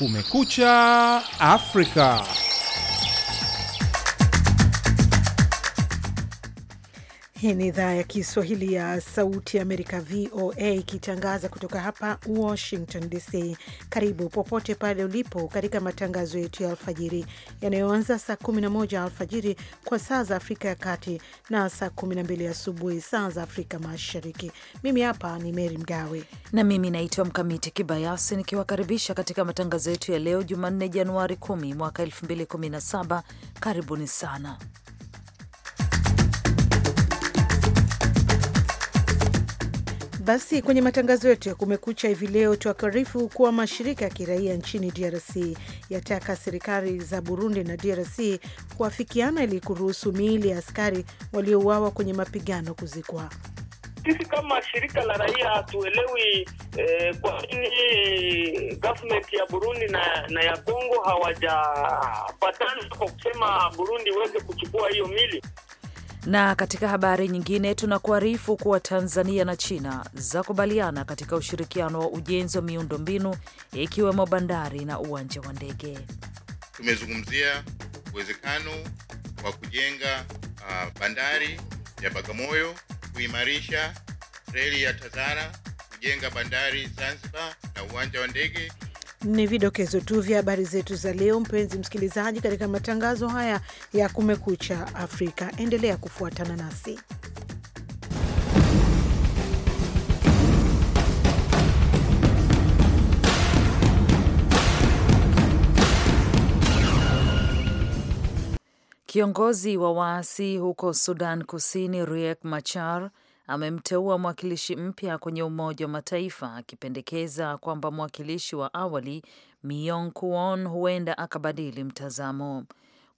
Kumekucha Afrika. Hii ni idhaa ya Kiswahili ya Sauti ya Amerika, VOA, ikitangaza kutoka hapa Washington DC. Karibu popote pale ulipo katika matangazo yetu ya alfajiri yanayoanza saa 11 alfajiri kwa saa za Afrika ya Kati na saa 12 asubuhi saa za Afrika Mashariki. Mimi hapa ni Meri Mgawe na mimi naitwa Mkamiti Kibayasi, nikiwakaribisha katika matangazo yetu ya leo Jumanne, Januari 10 mwaka 2017. Karibuni sana Basi kwenye matangazo yetu ya Kumekucha hivi leo tuwakarifu kuwa mashirika ya kiraia nchini DRC yataka serikali za Burundi na DRC kuafikiana ili kuruhusu miili ya askari waliouawa kwenye mapigano kuzikwa. Sisi kama shirika la raia hatuelewi eh, kwa nini government ya Burundi na, na ya Kongo hawajapatana kwa kusema Burundi iweze kuchukua hiyo mili. Na katika habari nyingine tunakuarifu kuwa Tanzania na China zakubaliana katika ushirikiano wa ujenzi wa miundombinu ikiwemo bandari na uwanja wa ndege. Tumezungumzia uwezekano wa kujenga uh, bandari ya Bagamoyo, kuimarisha reli ya Tazara, kujenga bandari Zanzibar na uwanja wa ndege. Ni vidokezo tu vya habari zetu za leo, mpenzi msikilizaji, katika matangazo haya ya Kumekucha Afrika. Endelea kufuatana nasi. Kiongozi wa waasi huko Sudan Kusini Riek Machar amemteua mwakilishi mpya kwenye Umoja wa Mataifa, akipendekeza kwamba mwakilishi wa awali mion Kuon huenda akabadili mtazamo.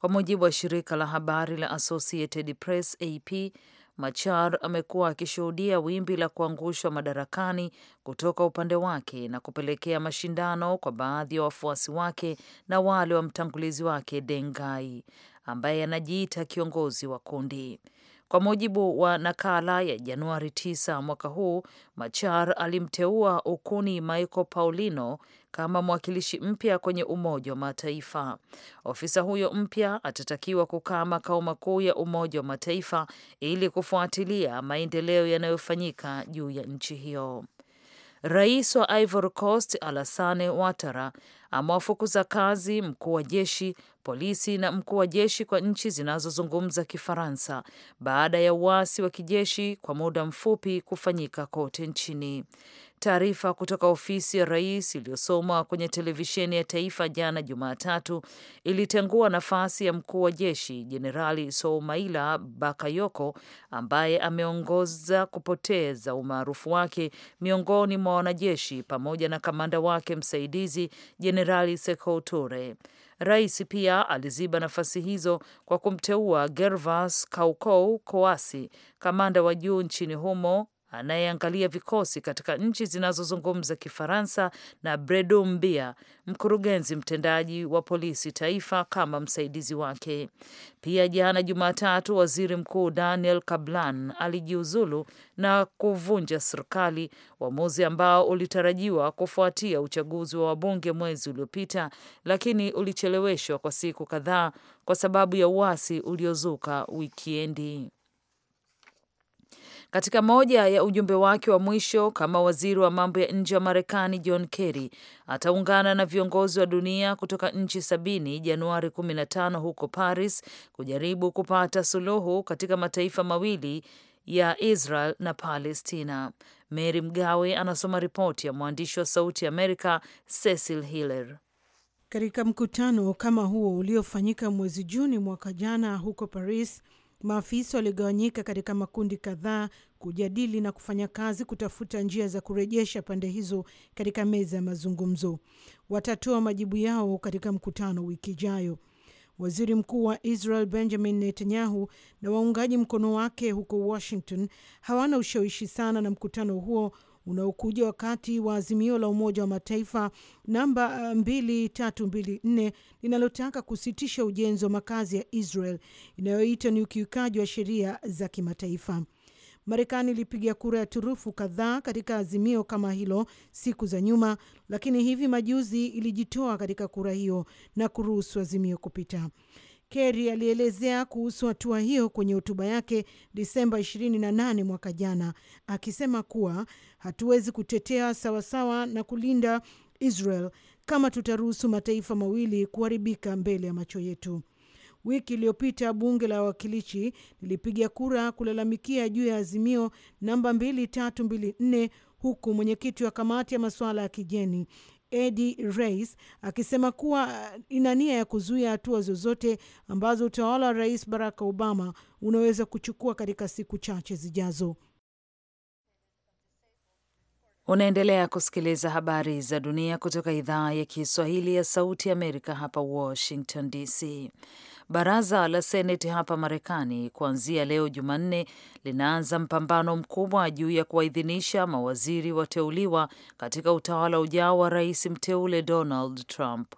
Kwa mujibu wa shirika la habari la Associated Press AP, Machar amekuwa akishuhudia wimbi la kuangushwa madarakani kutoka upande wake na kupelekea mashindano kwa baadhi ya wa wafuasi wake na wale wa mtangulizi wake Dengai ambaye anajiita kiongozi wa kundi. Kwa mujibu wa nakala ya Januari 9 mwaka huu, Machar alimteua Ukuni Michael Paulino kama mwakilishi mpya kwenye Umoja wa Mataifa. Ofisa huyo mpya atatakiwa kukaa makao makuu ya Umoja wa Mataifa ili kufuatilia maendeleo yanayofanyika juu ya nchi hiyo. Rais wa Ivory Coast Alassane Ouattara amewafukuza kazi mkuu wa jeshi, polisi na mkuu wa jeshi kwa nchi zinazozungumza Kifaransa baada ya uasi wa kijeshi kwa muda mfupi kufanyika kote nchini. Taarifa kutoka ofisi ya rais iliyosomwa kwenye televisheni ya taifa jana Jumatatu ilitengua nafasi ya mkuu wa jeshi Jenerali Soumaila Bakayoko ambaye ameongoza kupoteza umaarufu wake miongoni mwa wanajeshi pamoja na kamanda wake msaidizi Jenerali Sekou Toure. Rais pia aliziba nafasi hizo kwa kumteua Gervas Kaukou Koasi, kamanda wa juu nchini humo anayeangalia vikosi katika nchi zinazozungumza Kifaransa na Bredo Mbia, mkurugenzi mtendaji wa polisi taifa, kama msaidizi wake. Pia jana Jumatatu, waziri mkuu Daniel Kablan alijiuzulu na kuvunja serikali, uamuzi ambao ulitarajiwa kufuatia uchaguzi wa wabunge mwezi uliopita, lakini ulicheleweshwa kwa siku kadhaa kwa sababu ya uasi uliozuka wikiendi. Katika moja ya ujumbe wake wa mwisho kama waziri wa mambo ya nje wa Marekani, John Kerry ataungana na viongozi wa dunia kutoka nchi sabini Januari 15 huko Paris kujaribu kupata suluhu katika mataifa mawili ya Israel na Palestina. Mary Mgawe anasoma ripoti ya mwandishi wa Sauti Amerika Cecil Hiller. Katika mkutano kama huo uliofanyika mwezi Juni mwaka jana huko Paris, Maafisa waligawanyika katika makundi kadhaa kujadili na kufanya kazi kutafuta njia za kurejesha pande hizo katika meza ya mazungumzo. Watatoa majibu yao katika mkutano wiki ijayo. Waziri Mkuu wa Israel Benjamin Netanyahu na waungaji mkono wake huko Washington hawana ushawishi sana na mkutano huo unaokuja wakati wa azimio la Umoja wa Mataifa namba 2324 uh, linalotaka kusitisha ujenzi wa makazi ya Israel inayoita ni ukiukaji wa sheria za kimataifa. Marekani ilipiga kura ya turufu kadhaa katika azimio kama hilo siku za nyuma, lakini hivi majuzi ilijitoa katika kura hiyo na kuruhusu azimio kupita. Kerry alielezea kuhusu hatua hiyo kwenye hotuba yake Disemba 28 mwaka jana, akisema kuwa hatuwezi kutetea sawasawa na kulinda Israel kama tutaruhusu mataifa mawili kuharibika mbele ya macho yetu. Wiki iliyopita bunge la wawakilishi lilipiga kura kulalamikia juu ya azimio namba 2324 huku mwenyekiti wa kamati ya masuala ya kigeni Eddie Rais akisema kuwa uh, ina nia ya kuzuia hatua zozote ambazo utawala wa Rais Barack Obama unaweza kuchukua katika siku chache zijazo. Unaendelea kusikiliza habari za dunia kutoka idhaa ya Kiswahili ya Sauti ya Amerika hapa Washington DC. Baraza la Seneti hapa Marekani kuanzia leo Jumanne linaanza mpambano mkubwa juu ya kuwaidhinisha mawaziri wateuliwa katika utawala ujao wa rais mteule Donald Trump.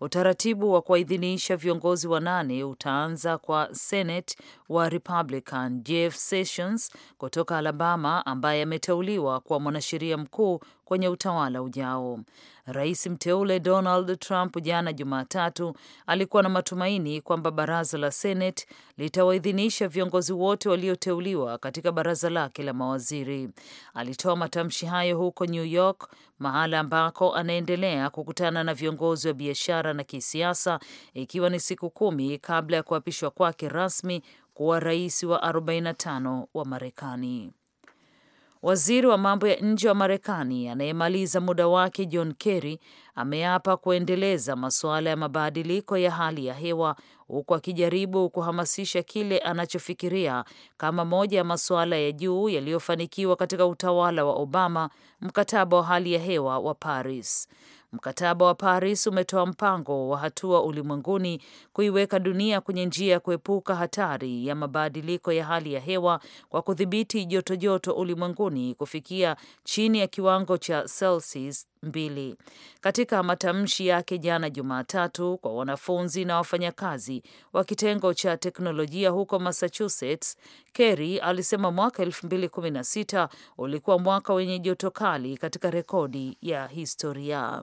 Utaratibu wa kuwaidhinisha viongozi wanane utaanza kwa Senate wa Republican Jeff Sessions kutoka Alabama ambaye ameteuliwa kuwa mwanasheria mkuu kwenye utawala ujao. Rais mteule Donald Trump jana Jumatatu alikuwa na matumaini kwamba baraza la Senate litawaidhinisha viongozi wote walioteuliwa katika baraza lake la mawaziri. Alitoa matamshi hayo huko New York, mahala ambako anaendelea kukutana na viongozi wa biashara na kisiasa, ikiwa ni siku kumi kabla ya kuapishwa kwake rasmi kuwa rais wa 45 wa Marekani. Waziri wa mambo ya nje wa Marekani anayemaliza muda wake John Kerry ameapa kuendeleza masuala ya mabadiliko ya hali ya hewa huku akijaribu kuhamasisha kile anachofikiria kama moja ya masuala ya juu yaliyofanikiwa katika utawala wa Obama, mkataba wa hali ya hewa wa Paris. Mkataba wa Paris umetoa mpango wa hatua ulimwenguni kuiweka dunia kwenye njia ya kuepuka hatari ya mabadiliko ya hali ya hewa kwa kudhibiti jotojoto ulimwenguni kufikia chini ya kiwango cha Celsius mbili. Katika matamshi yake jana Jumatatu kwa wanafunzi na wafanyakazi wa kitengo cha teknolojia huko Massachusetts, Kerry alisema mwaka 2016 ulikuwa mwaka wenye joto kali katika rekodi ya historia.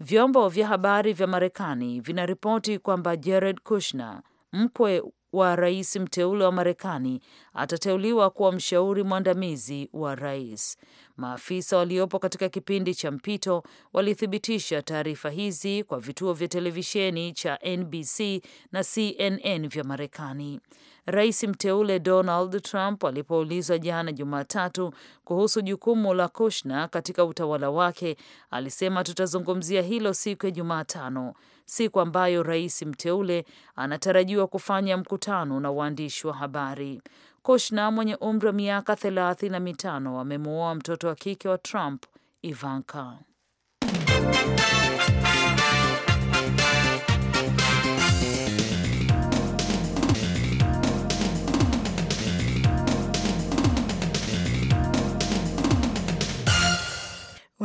Vyombo vya habari vya Marekani vinaripoti kwamba Jared Kushner mkwe wa rais mteule wa Marekani atateuliwa kuwa mshauri mwandamizi wa rais. Maafisa waliopo katika kipindi cha mpito walithibitisha taarifa hizi kwa vituo vya televisheni cha NBC na CNN vya Marekani. Rais mteule Donald Trump alipoulizwa jana Jumatatu kuhusu jukumu la Kushner katika utawala wake, alisema tutazungumzia hilo siku ya Jumatano siku ambayo rais mteule anatarajiwa kufanya mkutano na waandishi wa habari. Kushna mwenye umri wa miaka thelathini na mitano amemuoa mtoto wa kike wa Trump, Ivanka.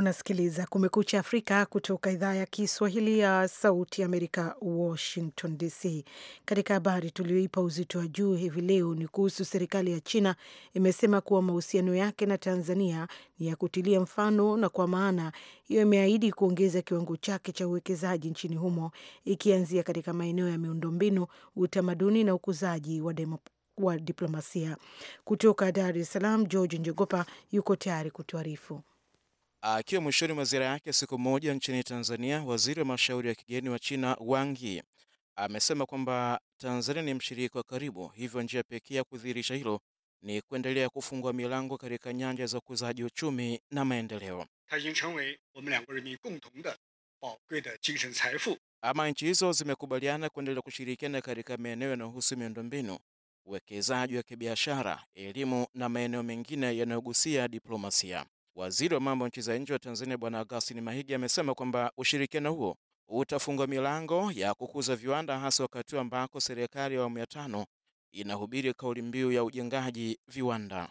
Unasikiliza Kumekucha Afrika kutoka idhaa ya Kiswahili ya Sauti Amerika, Washington DC. Katika habari tuliyoipa uzito wa juu hivi leo ni kuhusu serikali ya China imesema kuwa mahusiano yake na Tanzania ni ya kutilia mfano, na kwa maana hiyo imeahidi kuongeza kiwango chake cha uwekezaji nchini humo, ikianzia katika maeneo ya miundombinu, utamaduni na ukuzaji wa demo wa diplomasia. Kutoka Dar es Salaam, George Njogopa yuko tayari kutuarifu. Ah, akiwa mwishoni mwa ziara yake siku moja nchini Tanzania, waziri wa mashauri ya kigeni wa China Wang Yi amesema kwamba Tanzania ni mshirika wa karibu, hivyo njia pekee ya kudhihirisha hilo ni kuendelea kufungua milango katika nyanja za ukuzaji uchumi na maendeleo. Ama nchi hizo zimekubaliana kuendelea kushirikiana katika maeneo yanayohusu miundombinu, uwekezaji wa kibiashara, elimu na maeneo mengine yanayogusia diplomasia. Waziri wa mambo nchi za nje wa Tanzania Bwana Augustin Mahigi amesema kwamba ushirikiano huo utafungwa milango ya kukuza viwanda, hasa wakati ambako serikali ya awamu ya tano inahubiri kauli mbiu ya ujengaji viwanda.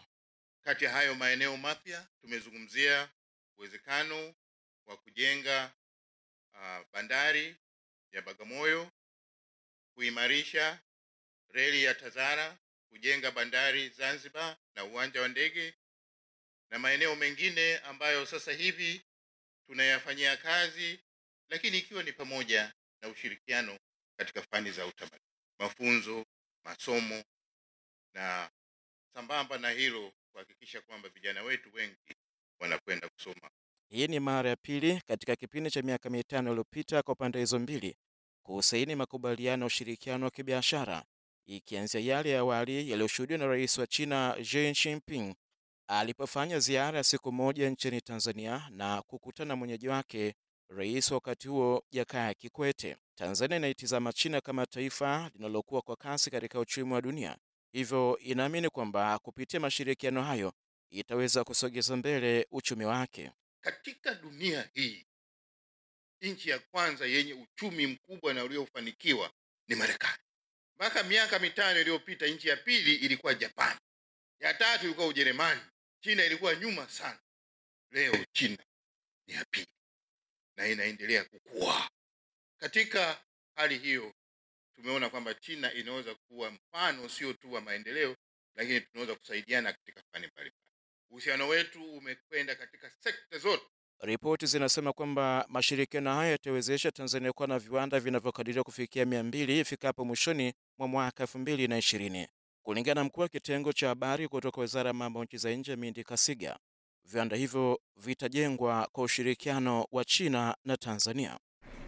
Kati ya hayo maeneo mapya tumezungumzia uwezekano wa kujenga uh, bandari ya Bagamoyo, kuimarisha reli ya Tazara, kujenga bandari Zanzibar na uwanja wa ndege na maeneo mengine ambayo sasa hivi tunayafanyia kazi, lakini ikiwa ni pamoja na ushirikiano katika fani za utamaduni, mafunzo, masomo na sambamba na hilo kuhakikisha kwamba vijana wetu wengi wanakwenda kusoma. Hii ni mara ya pili katika kipindi cha miaka mitano iliyopita kwa pande hizo mbili kusaini makubaliano ya ushirikiano wa kibiashara ikianzia yale ya awali yaliyoshuhudiwa na rais wa China Xi Jinping alipofanya ziara ya siku moja nchini Tanzania na kukutana mwenyeji wake rais wakati huo Jakaya Kikwete. Tanzania inaitizama China kama taifa linalokuwa kwa kasi katika uchumi wa dunia, hivyo inaamini kwamba kupitia mashirikiano hayo itaweza kusogeza mbele uchumi wake katika dunia hii. Nchi ya kwanza yenye uchumi mkubwa na uliofanikiwa ni Marekani. Mpaka miaka mitano iliyopita, nchi ya pili ilikuwa Japani, ya tatu ilikuwa Ujerumani, China ilikuwa nyuma sana, leo China ni ya pili na inaendelea kukua. Katika hali hiyo, tumeona kwamba China inaweza kuwa mfano sio tu wa maendeleo, lakini tunaweza kusaidiana katika fani mbalimbali. Uhusiano wetu umekwenda katika sekta zote. Ripoti zinasema kwamba mashirikiano hayo yatawezesha Tanzania kuwa na viwanda vinavyokadiriwa kufikia mia mbili ifikapo mwishoni mwa mwaka elfu mbili na ishirini. Kulingana na mkuu wa kitengo cha habari kutoka wizara ya mambo nchi za nje Mindi Kasiga, viwanda hivyo vitajengwa kwa ushirikiano wa China na Tanzania.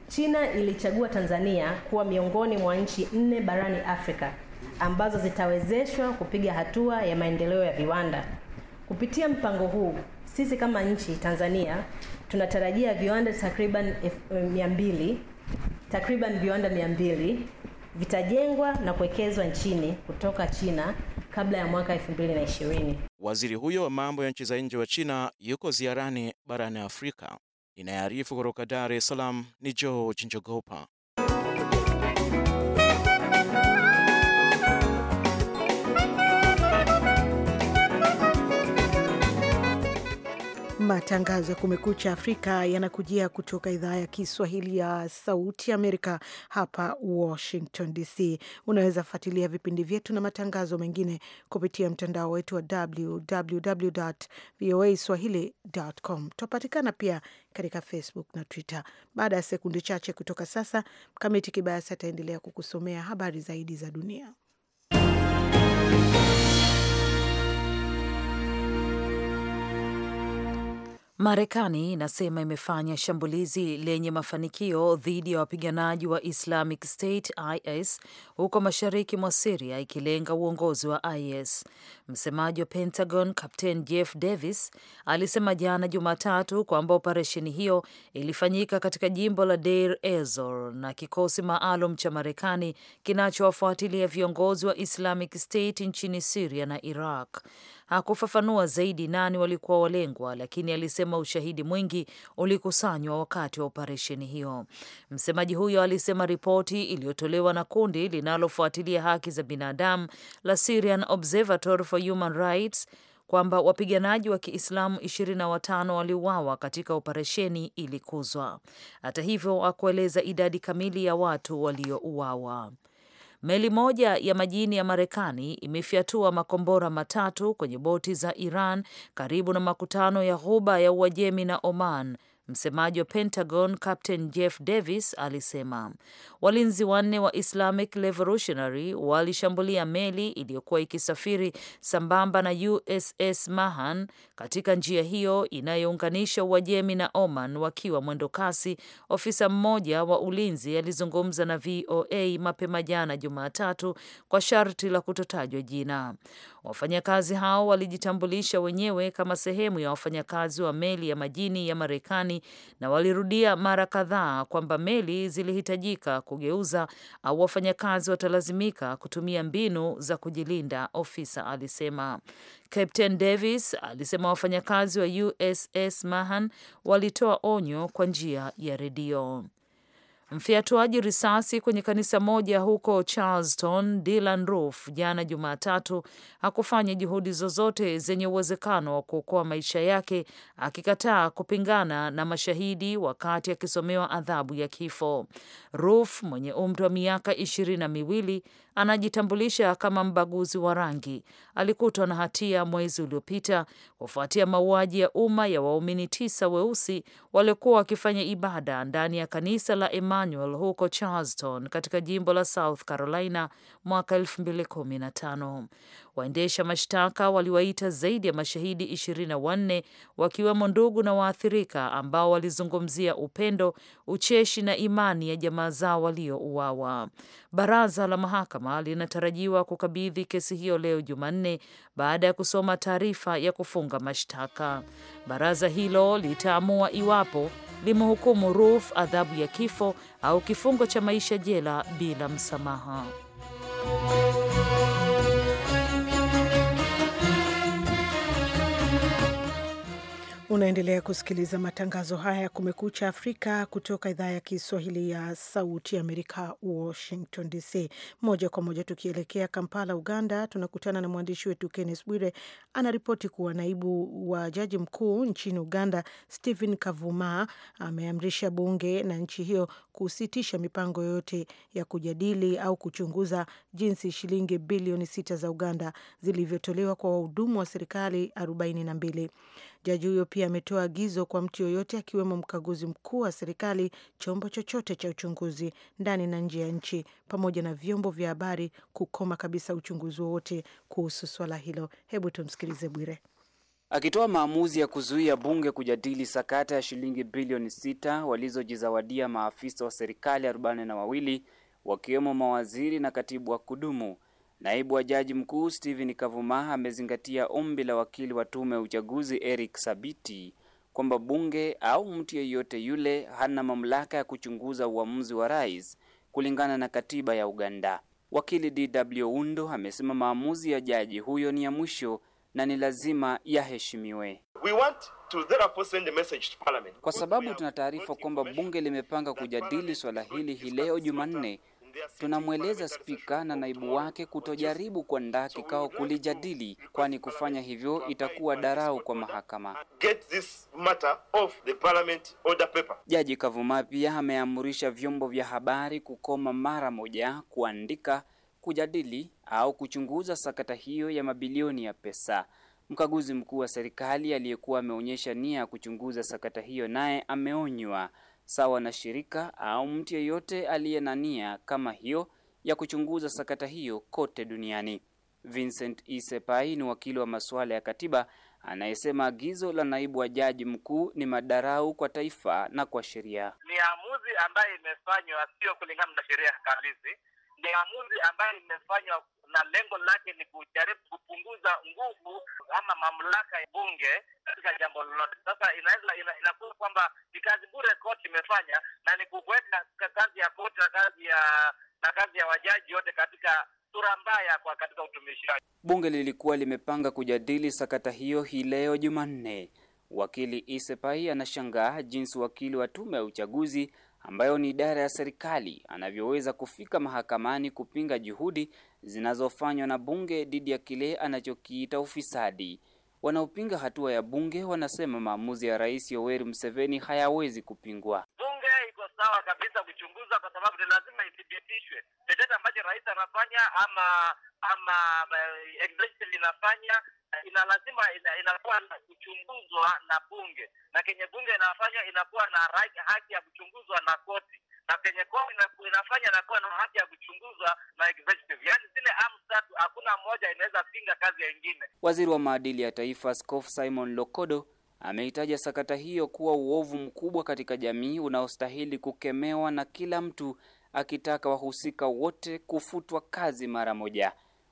China ilichagua Tanzania kuwa miongoni mwa nchi nne barani Afrika ambazo zitawezeshwa kupiga hatua ya maendeleo ya viwanda. Kupitia mpango huu, sisi kama nchi Tanzania tunatarajia viwanda takriban 200 eh, takriban viwanda 200 vitajengwa na kuwekezwa nchini kutoka China kabla ya mwaka 2020. Waziri huyo wa mambo ya nchi za nje wa China yuko ziarani barani Afrika. Inayoarifu kutoka Dar es Salaam ni George Njogopa. Matangazo ya Kumekucha Afrika yanakujia kutoka idhaa ya Kiswahili ya Sauti Amerika, hapa Washington DC. Unaweza fuatilia vipindi vyetu na matangazo mengine kupitia mtandao wetu wa www voa swahili.com. Tunapatikana pia katika Facebook na Twitter. Baada ya sekunde chache kutoka sasa, Mkamiti Kibayasi ataendelea kukusomea habari zaidi za dunia. Marekani inasema imefanya shambulizi lenye mafanikio dhidi ya wapiganaji wa Islamic State IS huko mashariki mwa Siria ikilenga uongozi wa IS. Msemaji wa Pentagon Kapten Jeff Davis alisema jana Jumatatu kwamba operesheni hiyo ilifanyika katika jimbo la Deir Ezor na kikosi maalum cha Marekani kinachowafuatilia viongozi wa Islamic State nchini Siria na Iraq. Hakufafanua zaidi nani walikuwa walengwa, lakini alisema ushahidi mwingi ulikusanywa wakati wa operesheni hiyo. Msemaji huyo alisema ripoti iliyotolewa na kundi linalofuatilia haki za binadamu la Syrian Observatory for Human Rights kwamba wapiganaji wa Kiislamu 25 waliuawa katika operesheni Ilikuzwa. Hata hivyo, akueleza idadi kamili ya watu waliouawa. Meli moja ya majini ya Marekani imefyatua makombora matatu kwenye boti za Iran karibu na makutano ya Ghuba ya Uajemi na Oman Msemaji wa Pentagon Captain Jeff Davis alisema walinzi wanne wa Islamic Revolutionary walishambulia meli iliyokuwa ikisafiri sambamba na USS Mahan katika njia hiyo inayounganisha Uajemi na Oman wakiwa mwendo kasi. Ofisa mmoja wa ulinzi alizungumza na VOA mapema jana Jumatatu kwa sharti la kutotajwa jina. Wafanyakazi hao walijitambulisha wenyewe kama sehemu ya wafanyakazi wa meli ya majini ya Marekani na walirudia mara kadhaa kwamba meli zilihitajika kugeuza au wafanyakazi watalazimika kutumia mbinu za kujilinda, ofisa alisema. Captain Davis alisema wafanyakazi wa USS Mahan walitoa onyo kwa njia ya redio. Mfiatuaji risasi kwenye kanisa moja huko Charleston, Dylan Roof, jana Jumatatu, hakufanya juhudi zozote zenye uwezekano wa kuokoa maisha yake, akikataa kupingana na mashahidi wakati akisomewa adhabu ya kifo. Roof mwenye umri wa miaka ishirini na miwili anajitambulisha kama mbaguzi wa rangi alikutwa na hatia mwezi uliopita kufuatia mauaji ya umma ya waumini tisa weusi waliokuwa wakifanya ibada ndani ya kanisa la Emmanuel huko Charleston katika jimbo la South Carolina mwaka 2015. Waendesha mashtaka waliwaita zaidi ya mashahidi 24 wakiwemo ndugu na waathirika ambao walizungumzia upendo, ucheshi na imani ya jamaa zao waliouawa. Baraza la mahakama linatarajiwa kukabidhi kesi hiyo leo Jumanne baada ya kusoma taarifa ya kufunga mashtaka. Baraza hilo litaamua iwapo limehukumu Ruf adhabu ya kifo au kifungo cha maisha jela bila msamaha. Unaendelea kusikiliza matangazo haya ya Kumekucha Afrika kutoka idhaa ya Kiswahili ya Sauti Amerika, Washington DC. Moja kwa moja tukielekea Kampala, Uganda, tunakutana na mwandishi wetu Kennes Bwire. Anaripoti kuwa naibu wa jaji mkuu nchini Uganda, Stephen Kavuma, ameamrisha bunge na nchi hiyo kusitisha mipango yote ya kujadili au kuchunguza jinsi shilingi bilioni sita za Uganda zilivyotolewa kwa wahudumu wa serikali mbili. Jaji huyo pia ametoa agizo kwa mtu yoyote akiwemo mkaguzi mkuu wa serikali, chombo chochote cha uchunguzi ndani na nje ya nchi, pamoja na vyombo vya habari kukoma kabisa uchunguzi wowote kuhusu swala hilo. Hebu tumsikilize Bwire akitoa maamuzi ya kuzuia bunge kujadili sakata ya shilingi bilioni sita walizojizawadia maafisa wa serikali arobaini na wawili wakiwemo mawaziri na katibu wa kudumu Naibu wa jaji mkuu Stephen kavuma amezingatia ombi la wakili wa tume ya uchaguzi Eric Sabiti kwamba bunge au mtu yeyote yule hana mamlaka ya kuchunguza uamuzi wa rais kulingana na katiba ya Uganda. Wakili DW Undo amesema maamuzi ya jaji huyo ni ya mwisho na ni lazima yaheshimiwe. We want to therefore send a message to parliament. Kwa sababu tuna taarifa kwamba bunge limepanga kujadili swala hili hii leo Jumanne Tunamweleza spika na naibu wake kutojaribu kuandaa kikao kulijadili, kwani kufanya hivyo itakuwa darau kwa mahakama. Jaji Kavuma pia ameamrisha vyombo vya habari kukoma mara moja kuandika, kujadili au kuchunguza sakata hiyo ya mabilioni ya pesa. Mkaguzi mkuu wa serikali aliyekuwa ameonyesha nia ya kuchunguza sakata hiyo naye ameonywa sawa na shirika au mtu yeyote aliye na nia kama hiyo ya kuchunguza sakata hiyo kote duniani. Vincent Isepai ni wakili wa masuala ya katiba anayesema agizo la naibu wa jaji mkuu ni madarau kwa taifa na kwa sheria. Ni amuzi ambayo imefanywa sio kulingana na sheria ya ni amuzi ambayo imefanywa na lengo lake ni kujaribu kupunguza nguvu ama mamlaka ya bunge katika jambo lolote. Sasa inaweza ina, inakuwa kwamba ni kazi bure koti imefanya, na ni kuweka kazi ya koti na kazi ya na kazi ya wajaji wote katika sura mbaya kwa katika utumishaji. Bunge lilikuwa limepanga kujadili sakata hiyo hii leo Jumanne. Wakili Isepai anashangaa jinsi wakili wa tume ya uchaguzi ambayo ni idara ya serikali anavyoweza kufika mahakamani kupinga juhudi zinazofanywa na bunge dhidi ya kile anachokiita ufisadi. Wanaopinga hatua ya bunge wanasema maamuzi ya Rais Yoweri Museveni hayawezi kupingwa sawa kabisa kuchunguza, kwa sababu ni lazima ithibitishwe chochote ambacho rais anafanya ama ama eh, executive inafanya eh, ina lazima ina, inakuwa na kuchunguzwa na bunge, na kenye bunge inafanya inakuwa na right, haki ya kuchunguzwa na koti, na kenye koti inafanya inakuwa na haki ya kuchunguzwa na executive. Yani zile arms tatu hakuna moja inaweza pinga kazi ya ingine. Waziri wa maadili ya taifa Skof Simon Lokodo ameitaja sakata hiyo kuwa uovu mkubwa katika jamii unaostahili kukemewa na kila mtu, akitaka wahusika wote kufutwa kazi mara moja.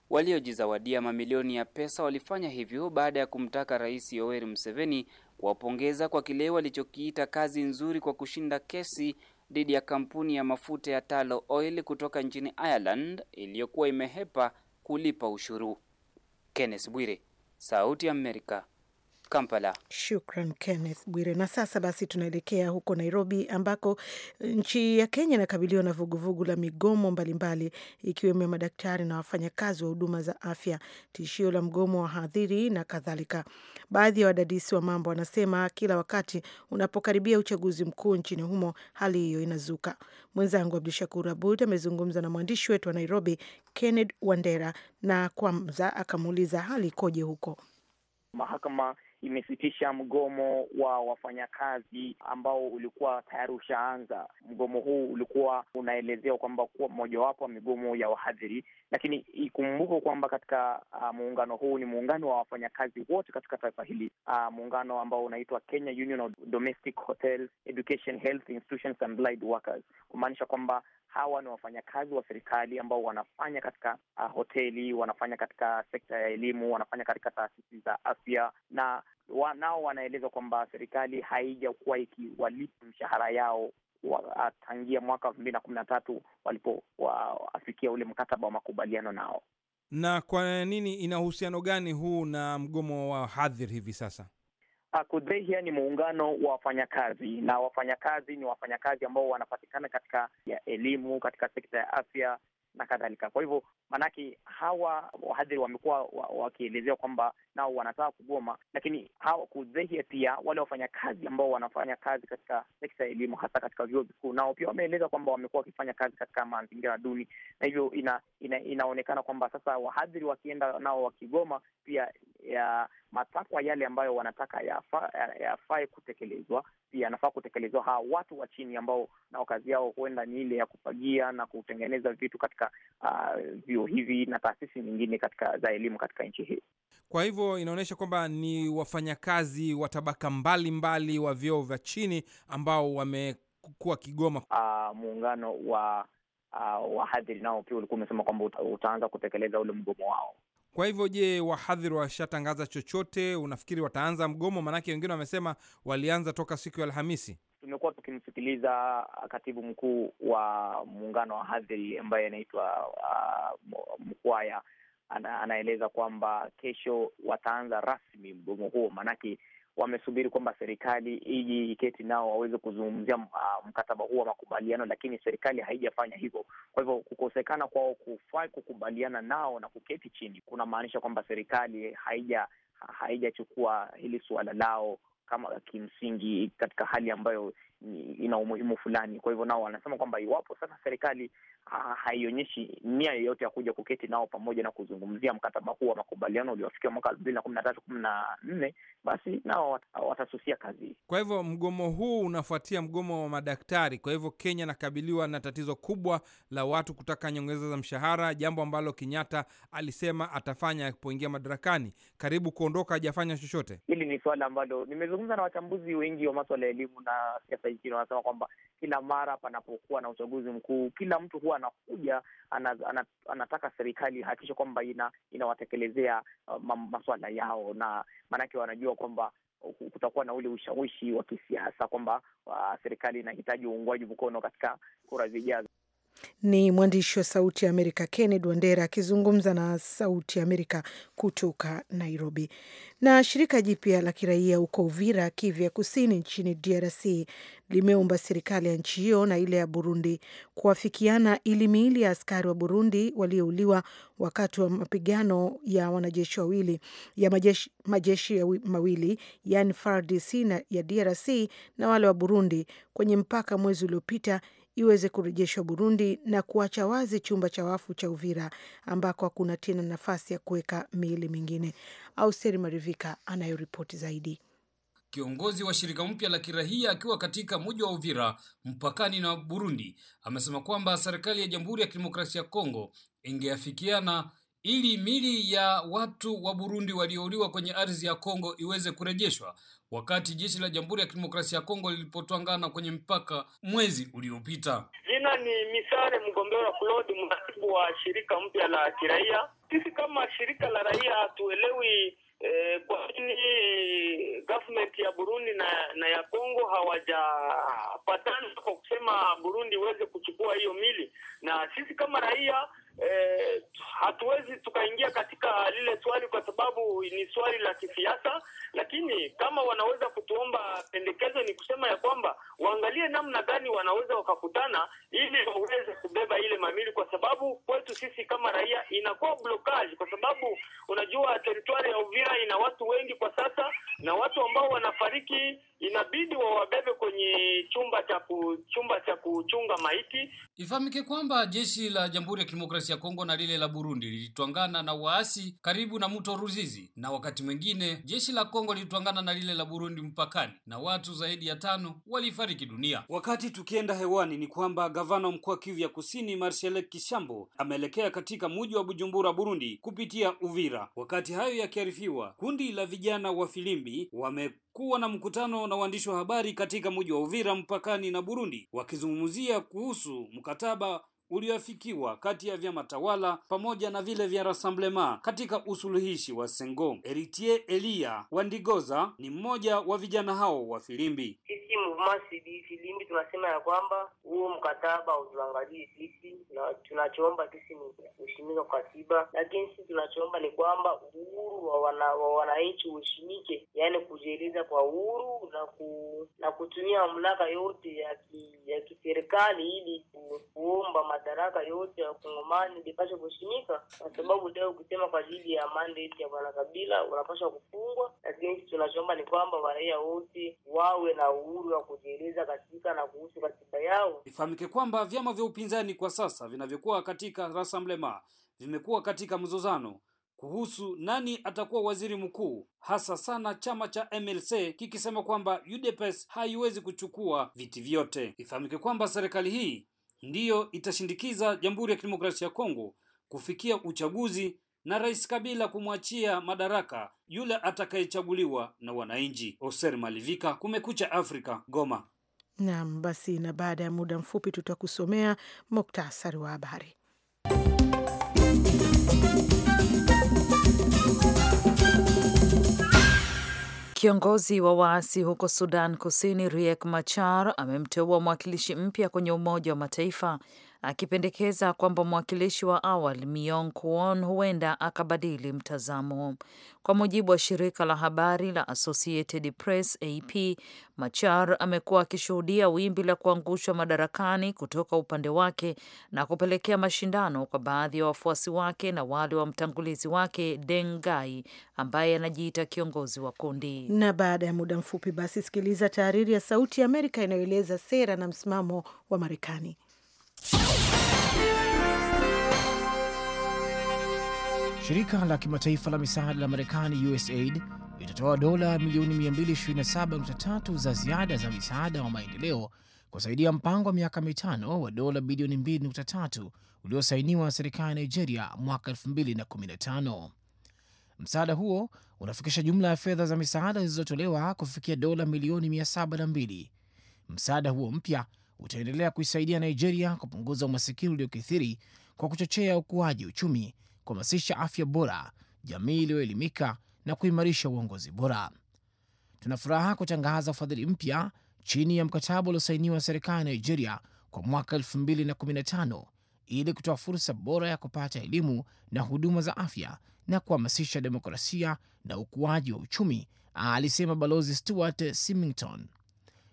Waliojizawadia mamilioni ya pesa walifanya hivyo baada ya kumtaka Rais Yoweri Museveni kuwapongeza kwa kile walichokiita kazi nzuri kwa kushinda kesi dhidi ya kampuni ya mafuta ya Talo Oil kutoka nchini Ireland iliyokuwa imehepa kulipa ushuru. Kenneth Bwire, Sauti ya Amerika, Kampala. Shukran Kenneth Bwire. Na sasa basi tunaelekea huko Nairobi, ambako eh, nchi ya Kenya inakabiliwa na vuguvugu la migomo mbalimbali, ikiwemo ya madaktari na wafanyakazi wa huduma za afya, tishio la mgomo wa hadhiri na kadhalika. Baadhi ya wadadisi wa mambo wanasema kila wakati unapokaribia uchaguzi mkuu nchini humo hali hiyo inazuka. Mwenzangu Abdu Shakur Abud amezungumza na mwandishi wetu wa Nairobi, Kenneth Wandera, na kwanza akamuuliza hali ikoje huko. Mahakama imesitisha mgomo wa wafanyakazi ambao ulikuwa tayari ushaanza. Mgomo huu ulikuwa unaelezewa kwamba kuwa mojawapo wa migomo ya wahadhiri, lakini ikumbukwe kwamba katika uh, muungano huu ni muungano wa wafanyakazi wote katika taifa hili uh, muungano ambao unaitwa Kenya Union of Domestic Education, Health Institutions and Allied Workers, kumaanisha kwamba hawa ni wafanyakazi wa serikali ambao wanafanya katika uh, hoteli, wanafanya katika sekta ya elimu, wanafanya katika taasisi za afya na wa, nao wanaeleza kwamba serikali haijakuwa ikiwalipa mshahara yao tangia mwaka elfu mbili na kumi na tatu walipoafikia ule mkataba wa makubaliano nao. Na kwa nini, ina uhusiano gani huu na mgomo wa hadhir hivi sasa? Kudhehia ni muungano wa wafanyakazi na wafanyakazi ni wafanyakazi ambao wanapatikana katika ya elimu, katika sekta ya afya na kadhalika. Kwa hivyo maanake hawa wahadhiri wamekuwa wakielezea kwamba nao wanataka kugoma, lakini hawakudhehia pia wale wafanyakazi ambao wanafanya kazi katika sekta ya elimu, hasa katika vyuo vikuu, nao pia wameeleza kwamba wamekuwa wakifanya kazi katika mazingira duni, na hivyo ina, ina, inaonekana kwamba sasa wahadhiri wakienda nao wakigoma pia ya matakwa yale ambayo wanataka yafae ya kutekelezwa pia anafaa kutekelezwa. Hawa watu wa chini ambao nao kazi yao huenda ni ile ya kufagia na kutengeneza vitu katika uh, vyuo hivi na taasisi nyingine katika za elimu katika nchi hii. Kwa hivyo inaonyesha kwamba ni wafanyakazi wa tabaka mbalimbali wa vyoo vya chini ambao wamekuwa Kigoma. Uh, ah, muungano wa uh, wahadhiri nao pia ulikuwa umesema kwamba utaanza kutekeleza ule mgomo wao. Kwa hivyo, je, wahadhiri washatangaza chochote? Unafikiri wataanza mgomo? Maanake wengine wamesema walianza toka siku ya Alhamisi. Tumekuwa tukimsikiliza ah, katibu mkuu wa muungano wa hadhiri ambaye anaitwa uh, Mkwaya ana, anaeleza kwamba kesho wataanza rasmi mgomo huo, maanake wamesubiri kwamba serikali iji iketi nao waweze kuzungumzia ah, mkataba huu wa makubaliano, lakini serikali haijafanya hivyo. Kwa hivyo kukosekana kwao kufai kukubaliana nao na kuketi chini kunamaanisha kwamba serikali haija haijachukua hili suala lao kama kimsingi katika hali ambayo ina umuhimu fulani. Kwa hivyo nao wanasema kwamba iwapo sasa serikali ah, haionyeshi nia yoyote ya kuja kuketi nao pamoja na kuzungumzia mkataba huu wa makubaliano uliofikiwa mwaka elfu mbili na kumi na tatu kumi na nne basi nao watasusia kazi. Kwa hivyo mgomo huu unafuatia mgomo wa madaktari. Kwa hivyo Kenya inakabiliwa na tatizo kubwa la watu kutaka nyongeza za mshahara, jambo ambalo Kenyatta alisema atafanya alipoingia madarakani. Karibu kuondoka, hajafanya chochote. Hili ni suala ambalo nimezungumza na wachambuzi wengi wa maswala ya elimu na siasa nchini wanasema kwamba kila mara panapokuwa na uchaguzi mkuu, kila mtu huwa anakuja anataka serikali ihakikishe kwamba ina, inawatekelezea uh, maswala yao, na maanake wanajua kwamba kutakuwa na ule ushawishi wa kisiasa kwamba uh, serikali inahitaji uungwaji mkono katika kura zijazo. Ni mwandishi wa Sauti ya Amerika Kennedy Wandera akizungumza na Sauti ya Amerika kutoka Nairobi. Na shirika jipya la kiraia huko Uvira, Kivu ya Kusini, nchini DRC limeomba serikali ya nchi hiyo na ile ya Burundi kuafikiana ili miili ya askari wa Burundi waliouliwa wakati wa mapigano ya wanajeshi wawili ya majeshi, majeshi ya mawili yani FARDC ya DRC na wale wa Burundi kwenye mpaka mwezi uliopita iweze kurejeshwa Burundi na kuacha wazi chumba cha wafu cha Uvira ambako hakuna tena nafasi ya kuweka miili mingine. Austeri Marivika anayoripoti zaidi. Kiongozi wa shirika mpya la kirahia akiwa katika mji wa Uvira mpakani na Burundi amesema kwamba serikali ya Jamhuri ya Kidemokrasia ya Kongo ingeafikiana ili mili ya watu wa Burundi waliouliwa kwenye ardhi ya Kongo iweze kurejeshwa wakati jeshi la Jamhuri ya Kidemokrasia ya Kongo lilipotwangana kwenye mpaka mwezi uliopita. Jina ni Misare mgombea wa Claude, mratibu wa shirika mpya la kiraia. Sisi kama shirika la raia hatuelewi eh, kwa nini government ya Burundi na, na ya Kongo hawajapatana kwa kusema Burundi iweze kuchukua hiyo mili, na sisi kama raia eh, hatuwezi tukaingia katika lile swali kwa sababu ni swali la kisiasa, lakini kama wanaweza kutuomba pendekezo, ni kusema ya kwamba waangalie namna gani wanaweza wakakutana ili waweze kubeba ile mamili, kwa sababu kwetu sisi kama raia inakuwa blokaji, kwa sababu unajua teritwari ya Uvira ina watu wengi kwa sasa, na watu ambao wanafariki inabidi wawabebe kwenye chumba cha chumba cha kuchunga maiti. Ifahamike kwamba jeshi la Jamhuri ya Kidemokrasia ya Kongo na lile la Burundi lilitwangana na waasi karibu na mto Ruzizi ulinzi, na wakati mwingine jeshi la Kongo lilitwangana na lile la Burundi mpakani na watu zaidi ya tano walifariki dunia. Wakati tukienda hewani, ni kwamba gavana mkuu wa Kivu ya Kusini Marcel Kishambo ameelekea katika mji wa Bujumbura, Burundi, kupitia Uvira. Wakati hayo yakiarifiwa, kundi la vijana wa Filimbi wame kuwa na mkutano na waandishi wa habari katika mji wa Uvira mpakani na Burundi wakizungumzia kuhusu mkataba uliofikiwa kati ya vyama tawala pamoja na vile vya Rassemblement katika usuluhishi wa Sengo. Eritier Elia Wandigoza ni mmoja wa vijana hao wa Filimbi. Sisi Movement Sidi Filimbi tunasema ya kwamba huo mkataba utuangalie sisi, na tunachoomba sisi ni kuheshimika kwa katiba, lakini sisi tunachoomba ni kwamba uhuru wa wananchi wana uheshimike, yaani kujieleza kwa uhuru na ku, na kutumia mamlaka yote ya kiserikali ili kuomba madaraka yote ya Wakongomani lipashe kushimika, kwa sababu leo kusema kwa ajili ya mandate ya bwana Kabila unapaswa kufungwa. Lakini tunachoomba ni kwamba waraia wote wawe na uhuru wa kujieleza katika na kuhusu katiba yao. Ifahamike kwamba vyama vya upinzani kwa sasa vinavyokuwa katika Rassemblement vimekuwa katika mzozano kuhusu nani atakuwa waziri mkuu, hasa sana chama cha MLC kikisema kwamba UDPS haiwezi kuchukua viti vyote. Ifahamike kwamba serikali hii ndiyo itashindikiza Jamhuri ya Kidemokrasia ya Kongo kufikia uchaguzi na Rais Kabila kumwachia madaraka yule atakayechaguliwa na wananchi. Oser Malivika, Kumekucha Afrika, Goma. Naam, basi na baada ya muda mfupi tutakusomea muktasari wa habari. Kiongozi wa waasi huko Sudan Kusini Riek Machar amemteua mwakilishi mpya kwenye Umoja wa Mataifa akipendekeza kwamba mwakilishi wa awali Miong Kuon huenda akabadili mtazamo. Kwa mujibu wa shirika la habari la Associated Press AP, Machar amekuwa akishuhudia wimbi la kuangushwa madarakani kutoka upande wake na kupelekea mashindano kwa baadhi ya wa wafuasi wake na wale wa mtangulizi wake Deng Gai ambaye anajiita kiongozi wa kundi. Na baada ya muda mfupi basi, sikiliza tahariri ya Sauti ya Amerika inayoeleza sera na msimamo wa Marekani. Shirika la kimataifa la misaada la Marekani, USAID, litatoa dola milioni 227.3 za ziada za misaada wa maendeleo kusaidia mpango wa miaka mitano wa dola bilioni 2.3 uliosainiwa na serikali ya Nigeria mwaka 2015. Msaada huo unafikisha jumla ya fedha za misaada zilizotolewa kufikia dola milioni 702. Msaada huo mpya utaendelea kuisaidia Nigeria kupunguza umasikini uliokithiri kwa kuchochea ukuaji uchumi kuhamasisha afya bora, jamii iliyoelimika na kuimarisha uongozi bora. Tuna furaha kutangaza ufadhili mpya chini ya mkataba uliosainiwa na serikali ya Nigeria kwa mwaka 2015 ili kutoa fursa bora ya kupata elimu na huduma za afya na kuhamasisha demokrasia na ukuaji wa uchumi, alisema Balozi Stuart Simington.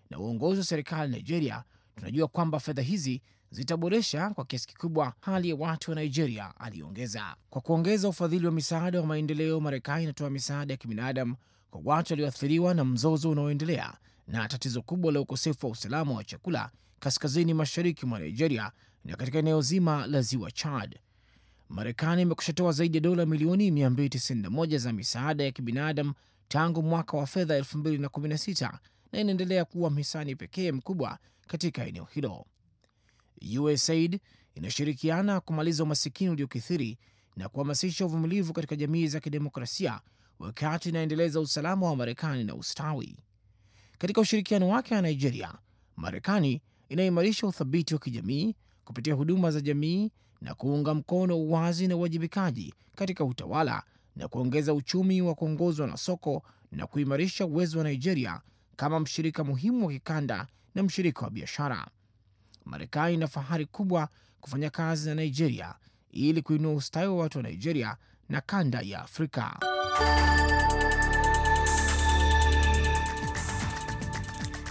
Na uongozi wa serikali ya Nigeria, tunajua kwamba fedha hizi zitaboresha kwa kiasi kikubwa hali ya watu wa Nigeria, aliongeza. Kwa kuongeza ufadhili wa misaada wa maendeleo, Marekani inatoa misaada ya kibinadamu kwa watu walioathiriwa na mzozo unaoendelea na tatizo kubwa la ukosefu wa usalama wa chakula kaskazini mashariki mwa Nigeria na katika eneo zima la ziwa Chad. Marekani imekushatoa zaidi ya dola milioni 291 za misaada ya kibinadamu tangu mwaka wa fedha 2016 na inaendelea kuwa mhisani pekee mkubwa katika eneo hilo. USAID inashirikiana kumaliza umasikini uliokithiri na kuhamasisha uvumilivu katika jamii za kidemokrasia wakati inaendeleza usalama wa Marekani na ustawi. Katika ushirikiano wake na Nigeria, Marekani inaimarisha uthabiti wa kijamii kupitia huduma za jamii na kuunga mkono uwazi na uwajibikaji katika utawala na kuongeza uchumi wa kuongozwa na soko na kuimarisha uwezo wa Nigeria kama mshirika muhimu wa kikanda na mshirika wa biashara. Marekani ina fahari kubwa kufanya kazi na Nigeria ili kuinua ustawi wa watu wa Nigeria na kanda ya Afrika.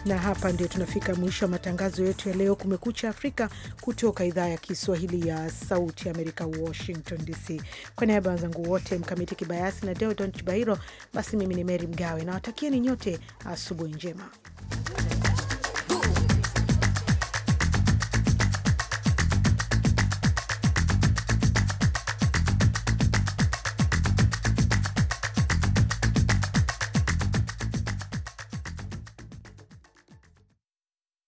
na hapa ndio tunafika mwisho wa matangazo yetu ya leo kumekucha afrika kutoka idhaa ya kiswahili ya sauti amerika washington dc kwa niaba ya wenzangu wote mkamiti kibayasi na deodon chibahiro basi mimi ni meri mgawe nawatakieni nyote asubuhi njema